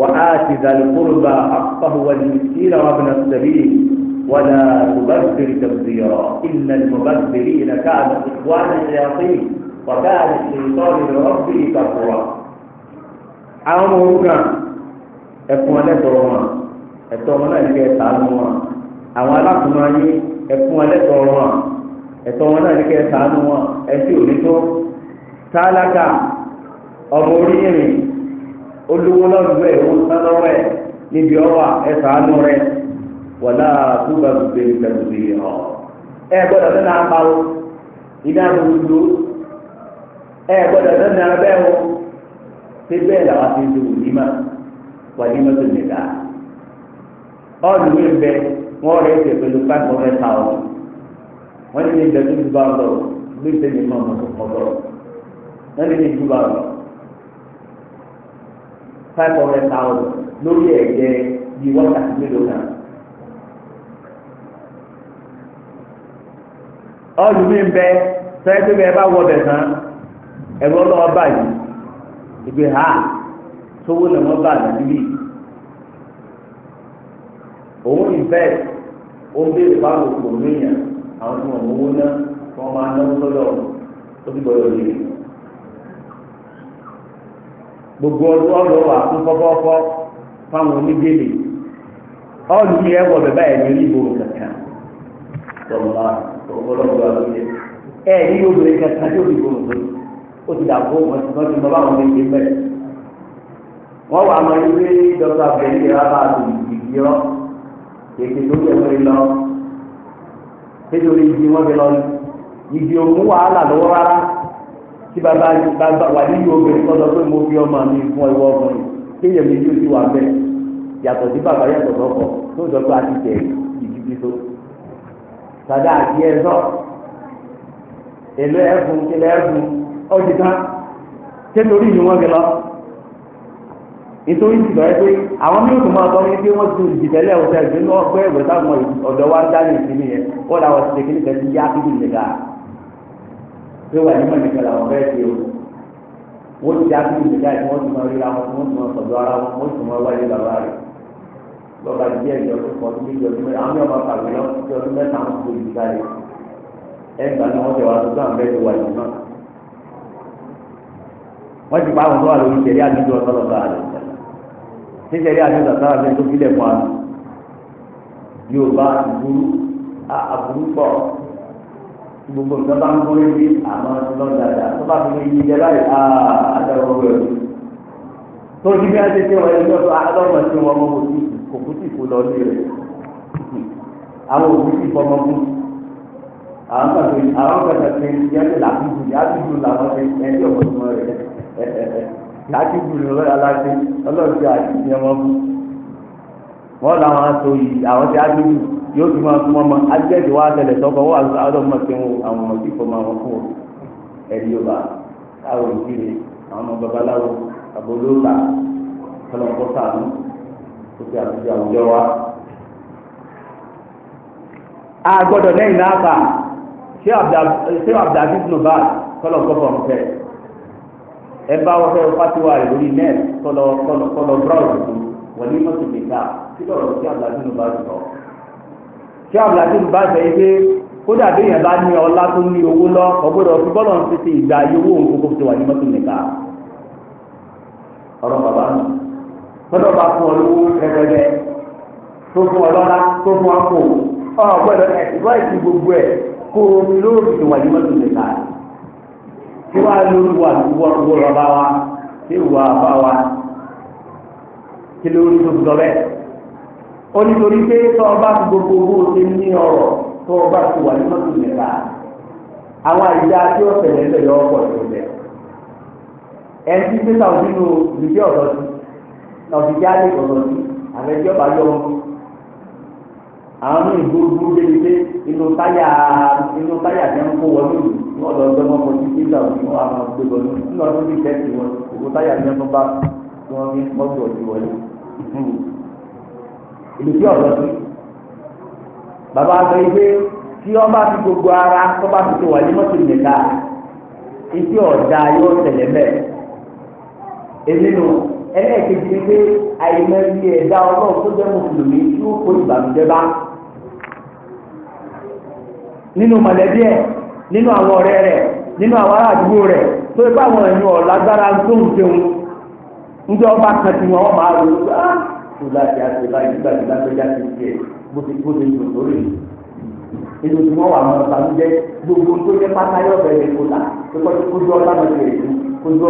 wà á ti dàlú kúrúbà àpáhùwà ní ìlà wà bìnà sẹ̀rí wàlà mùbàdìrì tàbíyọ̀ ìnà mùbàdìrì ìnà káàdì wà ní ìyàtì wà káàdì ìtọ́ni rọ́bì ìtàkùrọ̀. àwọn ọmọ ogun ẹ̀fọn ẹlẹ́tọ̀ọ́ wọn ẹ̀tọ́ wọn náà ń kẹ́ ẹ̀ta nù àwọn alákùnrin ayé ẹ̀fún ẹlẹ́tọ̀ wọn ẹ̀tọ́ wọn náà ní kẹ́ ẹ sàánú wọn ẹtí òní tó tálákà ọmọ olówó lọ́dún ẹ̀ ó sá lọ́wọ́ ẹ̀ níbi ọwà ẹ sàánú rẹ wọlá túbà gbogbo ẹ iná gbogbo wọ́n rẹ̀ ṣe pẹ̀lú five hundred thousand wọ́n ní ìjọ tó dùbà lọ bí ṣe ní mọ̀mọ́ tó kọ́ lọ wọ́n ní ìdùbà lọ five hundred thousand lórí ẹ̀jẹ̀ bíi wákàtí mélòó kan. ọdún mi bẹ sẹ́yìn tó bẹ bá wọ bẹ̀ tán ẹ̀rọ lọ́wọ́ báyìí ìgbé ha sówó lọ́wọ́ bá nàbí òun invest ó béèrè báwo kò níyàn àwọn tí wọn mówó ná wọn máa náwó sọ́dọ̀ tó ti gbọ́dọ̀ lè gbogbo ọdún ọ̀dọ̀ wà fún fọfọfọ fáwọn onígbèlè ọlù mi ẹwọ bẹbá ẹ ní ìbòrò kankan tọmọlá ẹ ní obìnrin kankan ti tó ó ti dàgbò wọn ti mọ báwọn mẹ wọn wà á èdè ló yẹ lórí lọ nítorí igi wọn fi lọ igi òmù wàhálà lọ́wọ́ rárá tí bàbá bàbá wà nínú obìnrin kọ́ lọ pé mo fi ọmọ mi fún ẹwọ́ ọkùnrin kéèyàn mi yóò ti wà bẹ́ẹ̀ yàtọ̀ sí bàbá yàtọ̀ lọ́kọ̀ tó jọ pé a ti tẹ̀ ìdíbi tó sàdá àti ẹ̀zọ́ èlò ẹ̀fun kílẹ̀ ẹ̀fun ọ̀dìkan tẹ́lórí ni wọ́n fi lọ nítorí ìgbà yẹn pé àwọn mí ìtumọ̀ ọ̀tọ́ ní pé wọ́n ti ìdìtẹ́lẹ̀ ọ̀sẹ̀ ìgbé ní ọgbẹ́ ìwé táwọn ọ̀dọ́ wa ń dá ní ìsinmi yẹn wọ́n la wọ́n ti ṣe kíní kẹ́tí yá kíkì nìga pé wà nímọ̀ nìkan làwọn bẹ́ẹ̀ ṣe o wọ́n ti yá kíkì nìga yìí wọ́n ti mọ ríra wọn wọ́n ti mọ sọ̀dọ̀ ara wọn wọ́n ti mọ wáyé bàbá rẹ̀ lọ́ba díẹ̀ ìjọ tó kọ́ sí ìjọ mẹ́ta àwọn wọ́n ti pa àwọn tó wà lórí ìṣẹ̀lẹ̀ àdúgbò ọ̀sọ́lọ́sọ àlẹ́ ìṣẹ̀lẹ̀ àdúgbò ọ̀sọ́lọ́sọ àlẹ́ tó filẹ̀ fún wa yorùbá àbúrú àbúrú pọ̀ gbogbo nǹkan bá ń gbóyè bí àmọ́ lọ́n dáadáa tó bá fi ní ilé báyìí àtàwọn ọmọ rẹ̀ tó ní bí wọ́n ti ṣe wọ́n ẹni lọ́sọ alọ́mọ tí wọ́n mọ òkú òkú sì kú lọ sí rẹ̀ àwọn òkú sì fọmọ fún àwọn kan tó àwọn kan tó ṣe yẹ́n ti làbújù làwọn ẹni ọmọ tó mọ rẹ̀ lákìkù lọ́wọ́ aláṣẹ ọlọ́run ti àṣìṣe wọn làwọn aṣọ yìí àwọn ti ágbéjù yóò tún máa fún ọmọ agbẹ́jọ wọ́n wọn àwọn ọmọ tí fọmọ àwọn fún àwọn ọmọ babaláwo àwùjọ wa. a gbọ́dọ̀ lẹ́yìn náà kà ṣé àbdàbí Ebe bá wọ́n fẹ́ lórí net kọlọ kọlọ kọlọ browse tó wọ́n ní mọ́tò kí lọ́rọ̀ tí abdulhadu bá sọ. tí abdulhadu bá sọ yìí pé kódà bí yẹn bá ní ọlá tó ní owó lọ ọgbọdọ fi ń tètè ìgbà kókó wà ní bàbá mi bá fún ọ lówó tó ọ tó fún ọ kí wàá lórí wa wọ rọba wa tí wà bá wa tí lórí tó sọ ó ní torí pé tó gbogbo owó ní ọrọ̀ tó wà ní mọ́tò àwọn àyíká tí ó yọ tó ẹni tí pété àwọn nínú sí sí yọ ọmọ àwọn ní ìgbó dúró débi pé inú táyà inú táyà tí wọn kó wọlé òní ní ọ̀dọ̀ ọ̀dọ̀ wọn kò sí pílà òní wọn àwọn gbé bọ̀ ní nínú ọdún bíi tẹ́tì wọn òkú táyà tí wọn bá tí wọn fi mọ́tò ọ̀dì wọlé. ìlú tí ọ̀dọ́ sí bàbá sọ pé tí wọ́n bá fi gbogbo ara tó bá fi tó wà ní mọ́tò ìyẹ̀dá etí ọ̀dà yóò tẹ̀lé mẹ́ẹ̀. ẹlẹ́ẹ̀kejì ni pé àyè mẹ́rin ẹ̀dá ọlọ́run tó jẹ́ mùsùlùmí tí ó kó ìbànújẹ́ bá nínú mọ̀lẹ́bí ẹ̀ nínú àwọn ọ̀rẹ́ rẹ̀ nínú àwọn ará àdúgbò rẹ̀ tó ipá àwọn ẹ̀yìn ọ̀lágbára tó ń jẹun ń ọba kan tí wọ́n máa rò ó tó láti ah, àti báyìí nígbà tí ti tiẹ̀ bó ti bó ti lórí inú tí wọ́n wà mọ́ ìbànújẹ́ gbogbo tó jẹ́ pátá yọ̀ bẹ̀rẹ̀ kó là pípọ́ tó kójú ọba kójú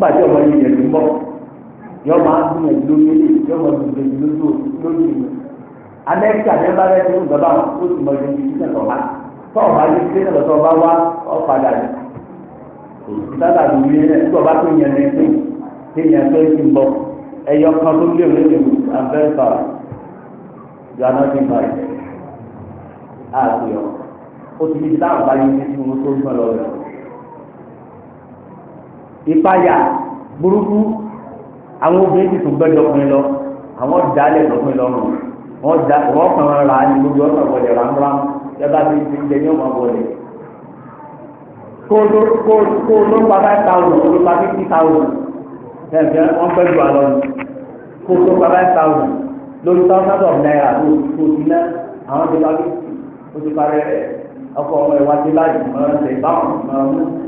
ọba tó yọọ máa gbìyànjú lórí ilé yọọ máa gbìyànjú lórí lórí ìlú amẹ́ríkà ní ẹ̀bá rẹ̀ tó ń gbọ́dọ̀ àwọn tó ti mọ ẹni tí sẹ́ńtọ̀ bá tọ́ọ̀ bá yé sí ẹ̀rọ tó bá wá ọ̀padà rẹ̀ ìtàgbà ló yé ẹ̀ tó bá tó yẹn lẹ́sẹ̀ tó yẹn tó ti ń bọ̀ ẹ̀yọ kan tó lé òun lẹ́nu amẹ́ríkà yọ̀ọ́nà ti bá yẹ àtúyọ̀ ó ti di táwọn bá yé sí wọn tó ń bọ̀ lọ́wọ́ ìpayà àwọn obìnrin ti tún gbẹ́jọ pin lọ àwọn dalẹ̀ lọ́pin lọ́rùn wọ́n da wọ́n kàn ra ní gbogbo ọ̀sán wọlé rámúrám yọba ti ti jẹ ní ọmọ wọlé kó ló pa five thousand kó ló pa fifty thousand ẹ̀jẹ̀ wọ́n fẹ́ ju àlọ́ ni kó tó pa five thousand lórí thousand of naira ló kó ti ná àwọn ti pa fifty ó ti parẹ́ ọkọ̀ ọmọ ìwádìí láti mọ̀ ẹ́ báwọn mọ̀ ẹ́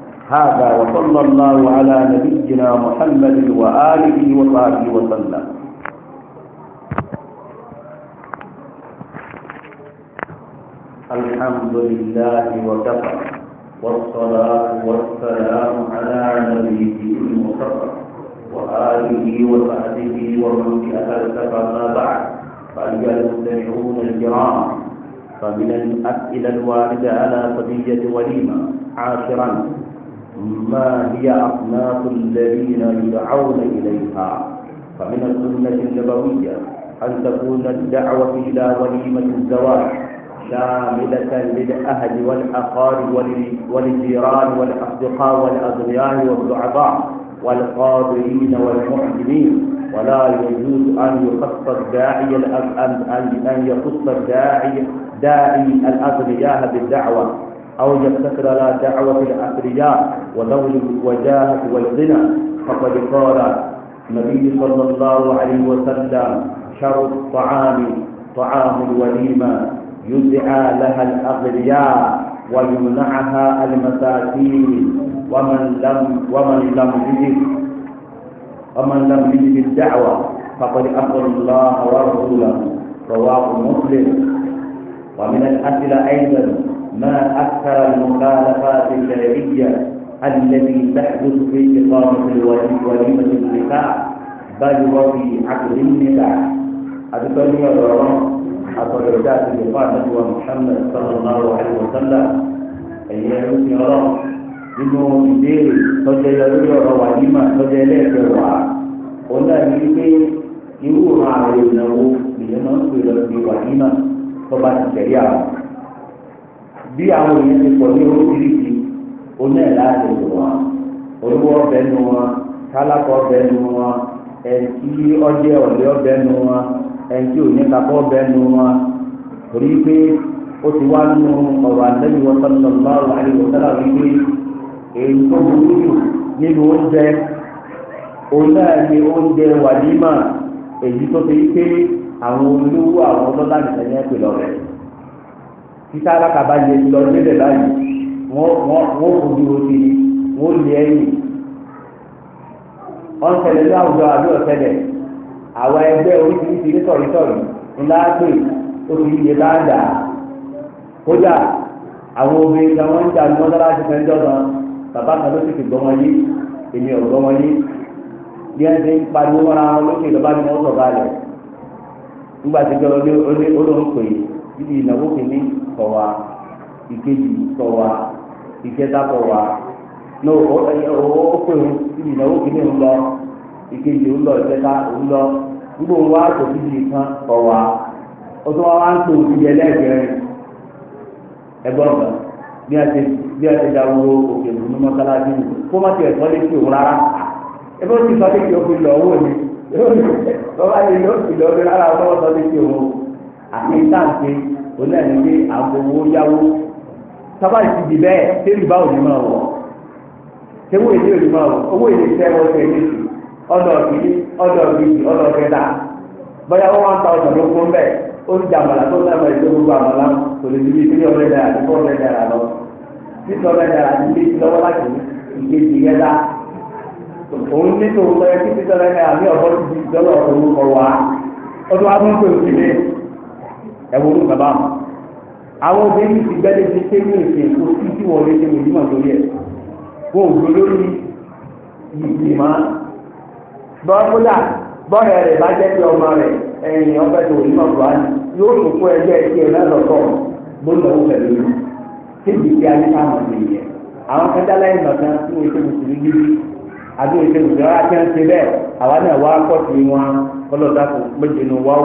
هذا وصلى الله على نبينا محمد وآله وصحبه وسلم الحمد لله وكفى والصلاة والسلام على نبيه المصطفى وآله وصحبه ومن أتلف ما بعد فليستمعون المستمعون الكرام فمن الأسئلة الواردة على صبية وليمة عاشرا ما هي أصناف الذين يدعون إليها فمن السنة النبوية أن تكون الدعوة إلى وليمة الزواج شاملة للأهل والأقارب وللجيران والأصدقاء والأغنياء والضعفاء والقادرين والمحسنين ولا يجوز أن يخص الداعي أن يخص الداعي داعي الأغنياء بالدعوة أو يقتصر على دعوة الأثرياء وذوي الوجاهة والغنى فقد قال النبي صلى الله عليه وسلم شر الطعام طعام الوليمة يدعى لها الأغرياء ويمنعها المساكين ومن لم ومن لم يجد ومن لم يجد الدعوة فقد أخبر الله ورسوله رواه مسلم ومن الأسئلة أيضا ما أكثر المخالفات الشرعية التي تحدث في إقامة الواجب وليمة النكاح بل وفي عقد النكاح أتكلم يا رب أتوجهت لقاء محمد صلى الله عليه وسلم ẹ̀yẹ يا ti إنه nínú ìbéèrè tọ́jẹ́ lórí ọ̀rọ̀ wà ní mà tọ́jẹ́ ẹlẹ́ẹ̀kẹ́ wà ó dàbí wípé irú àwọn ìnáwó ìyẹn máa ń bí àwọn èèyàn ti pọ̀ ní oríṣiríṣi oní ẹ̀dá àdéhùn wọn olówó ọbẹ̀ nu wọn kálákọ̀ ọbẹ̀ nu wọn ẹ̀ǹtí ọjẹ́ ọ̀lẹ́ ọbẹ̀ nu wọn ẹ̀ǹtí oníkakọ̀ ọbẹ̀ nu wọn torí pé ó ti wá nínú ọ̀rọ̀ àtẹ́yìn wọn sọ́dọ̀ lọ́rùn àríwọ̀ sọ́dọ̀ wípé èyí tó burú jù nínú oúnjẹ òun náà ni oúnjẹ wàlímà èyí tó ti pé àwọn olówó àwọn ọlọ́lá nìkan yẹn pè lọ́rẹ̀ẹ́ títà alákàbá yẹ lọ nílẹ̀ báyìí wọ́n wọ́n wọ́n fojú oṣù wọ́n lé ẹ̀yìn ọ̀sẹ̀lẹ̀ ní àwùjọ àbí ọ̀sẹ̀lẹ̀ àwọn ẹgbẹ́ oríṣiríṣi ní sọ̀rìsọ̀rì ńlá pé oṣù yìí bá dà kódà àwọn obìnrin kan wọ́n ń jà ní mọ́sálásí kan jọ̀sán bàbá kan ló sì ti gbọ́ wọn yé èmi ò gbọ́ wọn yé bí ẹ ti ń pariwo mọ́ra wọn lókè lọ́ba ni wọ́n sọ̀ balẹ̀ nígbà tí ìjọba olóhùn pè é níbi ìnáwó kìíní Kọwa wa ìkejì kọ́ wa ìkẹta kọ́ wa ní owó ụlọ ìnáwó kìíní ń ìkejì ń ìkẹta ń gbogbo wa kò sí ibi kan kọ́ oní ẹni pé àgbowó yáwó sábà ti di bẹ́ẹ̀ tẹ́lẹ̀ bá òní máa wọ̀ tẹ́wọ́ èdè òní máa wọ̀ owó èdè tẹ́ wọ́n tẹ́ ní ìsì ọ̀dọ̀ kìíní ọ̀dọ̀ kìíní ọ̀dọ̀ kẹta bóyá wọ́n wá ń ta ọ̀dọ̀ ló kún bẹ́ẹ̀ ó ń jàmbala tó sábà ètò gbogbo àmàlà kò lè ti bí three hundred naira àti four hundred naira lọ six hundred naira àti méjì lọ́wọ́ láti ìkejì yẹn òun ní tòun lọ́yẹ títí sọ́dọ̀ naira ní ọ̀pọ̀ ti di dọ́là ọ̀tọ̀ orúkọ wa ọdún wa tún pè é ẹ̀wọ̀n ló bàbá mọ̀ àwọn obìnrin ti gbẹ́lẹ́ ti ké ní èsì èkó tí tí wọ́n lé ṣe wò ní màdórí ẹ̀ wọn ò gbé lórí yìí má bọ́kúdà bọ́ọ̀rẹ́ rẹ̀ bá jẹ́ pé ọmọ rẹ̀ ẹ̀yìn ọ̀fẹ́ tó wò ní màdórí yóò tó kó ẹgbẹ́ ẹ̀kí ẹ̀ lọ́dọ̀tọ̀ gbọ́dọ̀ wò pẹ̀lú yìí kébi tí a ní káàmù ní yẹ àwọn kẹtàlá yìí bàtà tí wọ́n ṣe mùsùlùmí gidi àbí wọ́n ṣe mùsùlùmí rárá kí wọn kọ́lọ́dà kò méje nu wá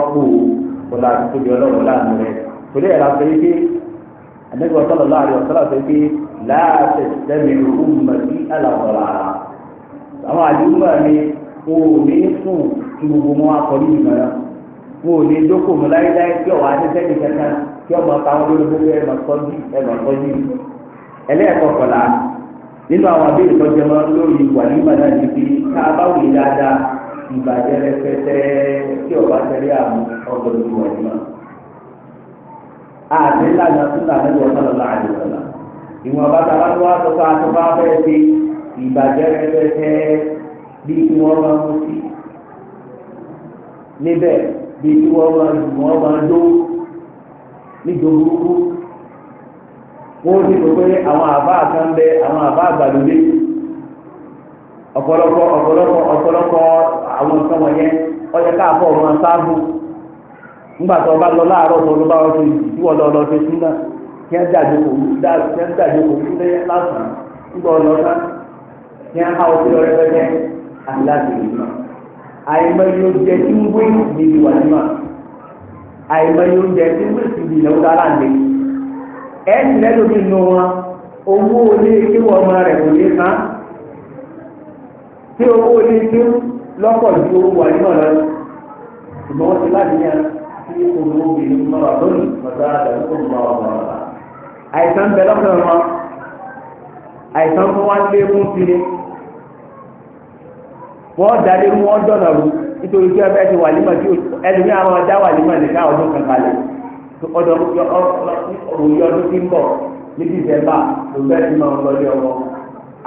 kọlá tóbi ọlọ́run láàánú rẹ̀ torí ẹ̀rọ àti ẹ̀yẹ anagba sọlọ láàrin ọsọlá sọ pé láàṣẹ sẹmi ọmọ sí àlàbọlà àwọn àdúgbò mi kò ní sùn kí gbogbo wọn akọ ní ìgbà náà kò ní dókò mọ láyéláyé kí ọwọ́ adéṣẹ ní kankan kí ọmọ táwọn lórí gbogbo ẹ máa tọjú ẹ máa tọjú ẹlẹ́ẹ̀kọ̀kọ̀lá nínú àwọn abẹ́rẹ́ tọ́jú ẹ máa lórí wàlímà náà ní pé ká bá wù yí dáadáa. ìbàjẹ́ rẹpẹtẹ tí ọba tẹ̀lé àmú ọgbọ̀n ti wọ̀ ẹ̀ma. àti lànà súnà nínú lọ́la ìwọ̀n bá tó wá tó fà tó bá bẹ́ẹ̀ ṣe ìbàjẹ́ rẹpẹtẹ bí kí wọ́n máa mú sí níbẹ̀ bí kí wọ́n máa wọ́n máa wọ́n ti sọ pé àwọn àbá kan bẹ àwọn nǹkan wọ̀nyẹn ọjà káàbọ̀ ọmọ sáàbù nígbà tó lọ láàárọ̀ tó o bá wọn ṣe ìdíwọ́ lọ lọ ṣe sínú kí wọ́n nye kò kí wọ́n dàjọ kò kí lẹ́yìn lásán nígbà ọ̀nà ọ̀sán kí wọ́n há òfin ọ̀rẹ́ pẹ́pẹ́ àti láti àìmọ yóò jẹ tí ń wé níbi wà nímọ̀ àìmọ yóò jẹ tí ń wé síbi ẹ̀ lómi nù wọn owó olé rẹ̀ kò lọ́pọ̀ ju owó wà nínú ọ̀rọ̀ ṣùgbọ́n wọ́n ti láti ní àti owó obìnrin mọ́ra lónìí ọ̀dọ́ àdàlú tó ń bá wọn mọ́ra. àìsàn bẹ lọ́kàn wọn àìsàn tó wá lé mú sí ni wọ́n dalé mú wọ́n dọ̀nà rú nítorí pé ẹgbẹ́ ti wà nímọ̀ tí ẹlòmí àwọn ọjà wà nímọ̀ nìkan ọdún kankan lẹ̀ ọdún ọdún tí ń bọ̀ ní dìsẹ́mbà ló bẹ́ẹ̀ ti máa ń lọ lé ọmọ.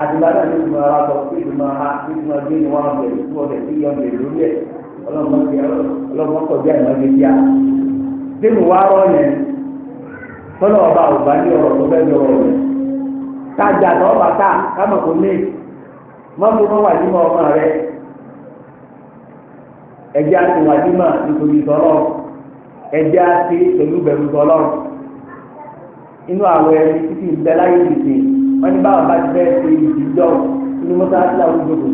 àtìgbà náà ní ìgbìmọ̀ ara sọ fún ìgbìmọ̀ ara ní ìgbìmọ̀ gbé ní wọn ọ̀gbẹ̀ ní wọn ọ̀gbẹ̀ sí ọ̀gbẹ̀ lórí ẹ̀ ọlọ́mọkọ̀já bíà. wa rọ yẹn ọba ọba ní ọ̀rọ̀ tó bẹ́ẹ̀ rẹ̀. Tájà tó ọba tá kámọ̀ kò ní mọ́tò mọ́ wà nímọ̀ ọmọ rẹ̀. Ẹ̀jẹ̀ àti wà nímọ̀ nítorí Ẹ̀jẹ̀ àti pẹ̀lú bẹ̀rù títí ń bẹ wọ́n ní báwọn bá ti bẹ́ẹ̀ ṣe ìdíjọ́ ní mọ́sáàtì làwọn gbogbo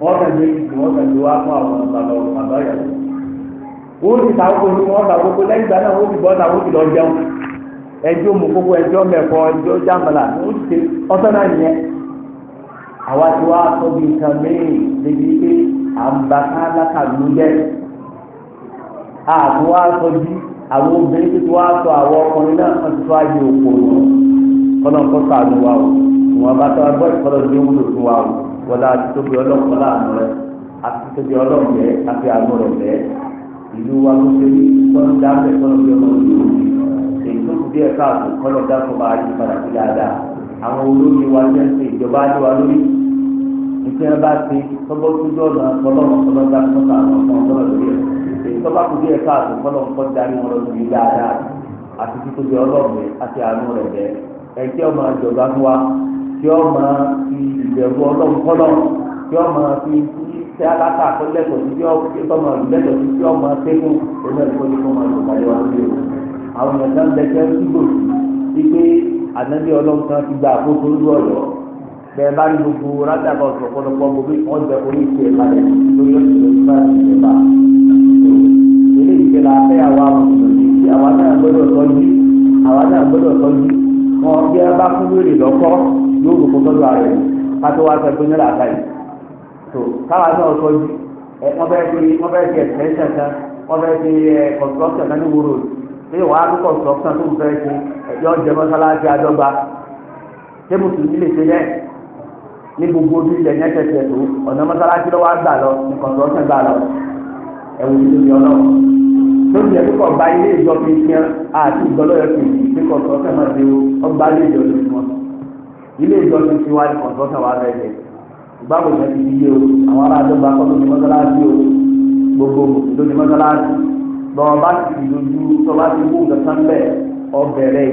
wọ́n kàn lé wọ́n kàn lé wá fún àwọn bàbá bàbá yàrá wọ́n ti ta kókó ní wọ́n ta kókó lẹ́yìn ìgbà náà wọ́n ti bọ́ ta lọ jẹun ẹjọ́ kókó ẹjọ́ mẹ́kọ́ ẹjọ́ jàmàlà wọ́n ti ṣe ọ̀sán náà àwa ti wá nǹkan débi pé à ń ba ló jẹ́ àti ọlọ́run kọ́ sàánú wa o ìwọ̀n bá tọ́ra gbọ́ ìkọlọ́ ní wúlò fún wa o wọlé àti tóbi ọlọ́run kọ́lá àánú rẹ àti tóbi ọlọ́run rẹ àti àánú rẹ rẹ ìlú wa ló ṣe rí tọ́lú dáfẹ́ tọ́lú bí ọmọ òjò òjì èyí tó kù díẹ̀ káàkó kọ́lọ́ dáfọ́ máa yí padà sí dáadáa àwọn olóyè wa jẹ́ ń ṣe ìjọba á lé wa lórí ìfẹ́ bá ti tọ́gbọ́ tójú ọ̀nà tó bá kù díẹ̀ káàkó kọ́lọ́ ń kọ́ darí wọn rẹ ẹtí ọmọ àjọba fún wa tí ọmọ fi ìbẹ̀rù ọlọ́nkọ́lọ́ tí ọmọ fi tí aláta àtọ́lẹ́tọ̀ tí ọmọ ìlẹ́tọ̀ tí ọmọ tẹ́kùn ọmọ ẹ̀kọ́ ní kọ́ máa lọ́kàlẹ́ wa lórí o àwọn èèyàn náà ń bẹ́tẹ́ sígbò sí pé ànábì ọlọ́nkàn ti gba àkóso lórí ọ̀yọ́ bẹ́ẹ̀ bá ní gbogbo rájàgbà ọ̀sọ̀ pọ̀lọpọ̀ gbogbo ọ̀jẹ̀ orí ìṣe ìbàdàn lórí ọ̀sẹ̀ kọ́ bí ẹ bá fún wèrè lọ́kọ́ yóò rò kó tọ́jú ara rẹ̀ kátó wá sọ pé ní làákà yìí tó káwa náà sọ jù ẹ wọ́n fẹ́ fi wọ́n fẹ́ fi extension kan wọ́n fẹ́ fi construction kan ní wúro pé wàá tó construction tó fẹ́ fi ẹ̀yọ́ jẹ mọ́sálásí adọ́gba ṣé mùsùlùmí lè ṣe yẹn ní gbogbo ojú ilẹ̀ ní ẹ̀kẹ́kẹ́ tó ọ̀nà mọ́sálásí lọ́wọ́ àgbà lọ ní construction gbà lọ ẹ̀wù ìlú mi tó ń jẹ kíkọ̀ bá ilé ìjọ fi tiẹ́ àti ìgbọ́lọ́yọ̀ fi ìdí kọ̀ọ̀tọ̀ máa ọgbà ilé ìjọ ọ ilé ìjọ fi tiwa ní bẹ̀rẹ̀ ìgbàgbọ́ ti yé o àwọn ará mọ́sálásí o gbogbo lóní mọ́sálásí lọ́wọ́ bá ti dojú tó bá ti wú bẹ́ẹ̀ ọbẹ̀rẹ̀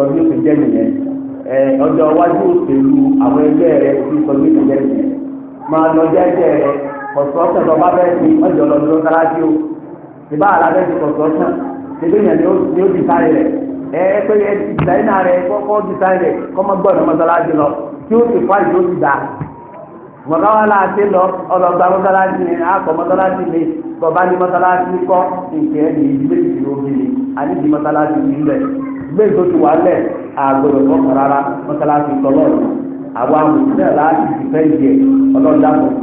àwọn rẹ ọjọ́ iwájú àwọn ẹgbẹ́ rẹ sọ bí kọ̀sọ́ọ̀sán tó bá bẹ́ẹ̀ di ọjọ́ lọ dúró na o ìbá àlàbẹ́ ti kọ̀sọ́ọ̀sán ṣẹlẹ̀ yẹn ni ó dìsáì rẹ̀ ẹ ẹ pé ẹ rẹ̀ kọ́kọ́ rẹ̀ kọ́mọ gbọ́dọ̀ mọ́sálásí lọ tí ó ti fa ìlú ti dà wà láti lọ mọ́sálásí ni akọ mọ́sálásí mi bọ̀bá mọ́sálásí kọ́ mọ́sálásí lẹ̀ gbé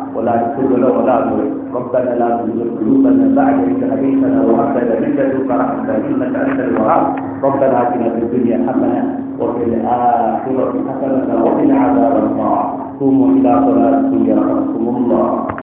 ولا يكون له ولا ذري ربنا لا تزغ قلوبنا بعد إذ هديتنا وهب لنا من لدنك رحمة إنك أنت الوهاب ربنا آتنا في الدنيا حسنة وفي الآخرة حسنة وقنا عذاب النار قوموا إلى صلاتكم يرحمكم الله